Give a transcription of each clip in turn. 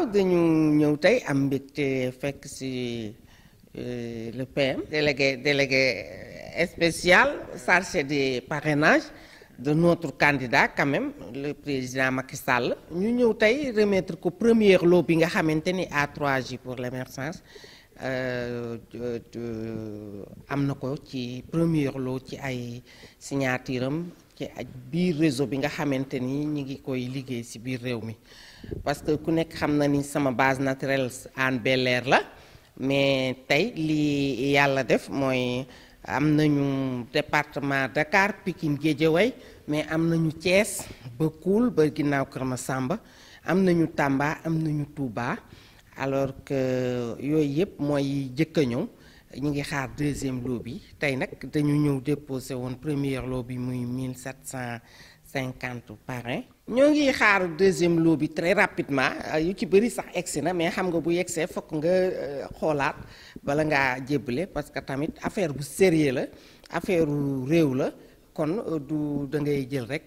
Nous dañu ñëw tey am mbégte fekk si euh, le PM délégué délégué spécial chargé des parrainages de notre candidat quand même le président Macky Sall ñu ñëw tey remettre ko première lot bi nga xamante ni 3 j pour l'émergence euh, am na ko ci première lot ci ay Tirum. ci ak biir réseau bi nga xamante ni ñi ngi koy liggéey ci biir réew mi parce que ku nekk xam na ni sama base naturelle Hann bel la mais tey li yàlla def mooy am nañu département Dakar Pikine Guédiawaye mais am nañu Thiès ba Koul ba ginnaaw Kër Masamba am nañu Tamba am nañu Touba alors que yooyu yëpp mooy jëkk a ñëw Nous avons deuxième déposé première 1750 Nous deuxième lobby très rapidement euh, yu ci sax mais xam nga bu fokk nga euh, bala parce que tamit affaire bu sérieux affaire la kon euh,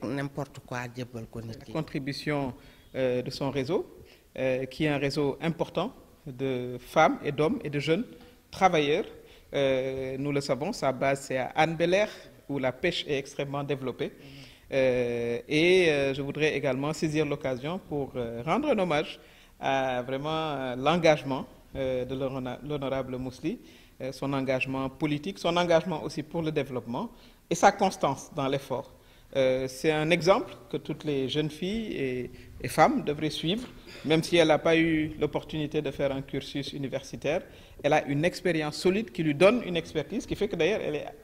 n'importe quoi contribution de son réseau qui est un réseau important de femmes et d'hommes et de jeunes travailleurs. Euh, nous le savons, sa base c'est à Anne Belair, où la pêche est extrêmement développée. Euh, et euh, je voudrais également saisir l'occasion pour rendre un hommage à vraiment l'engagement de l'honorable Mousli, son engagement politique, son engagement aussi pour le développement et sa constance dans l'effort. Euh, c'est un exemple que toutes les jeunes filles et, femmes devraient suivre, même si elle n'a pas eu l'opportunité de faire un cursus universitaire. Elle a une expérience solide qui lui donne une expertise, qui fait que d'ailleurs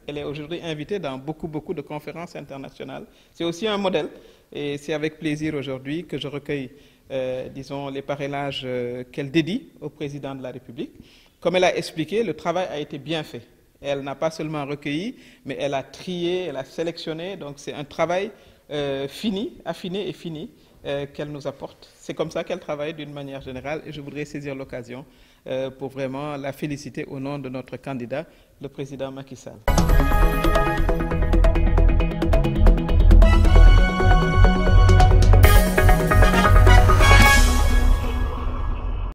elle est, aujourd'hui invitée dans beaucoup, beaucoup de conférences internationales. C'est aussi un modèle et c'est avec plaisir aujourd'hui que je recueille, euh, disons, les parrainages euh, qu'elle dédie au président de la République. Comme elle a expliqué, le travail a été bien fait. Elle n'a pas seulement recueilli, mais elle a trié, elle a sélectionné. Donc c'est un travail euh, fini, affiné et fini euh, qu'elle nous apporte. C'est comme ça qu'elle travaille d'une manière générale et je voudrais saisir l'occasion euh, pour vraiment la féliciter au nom de notre candidat, le président Macky Sall.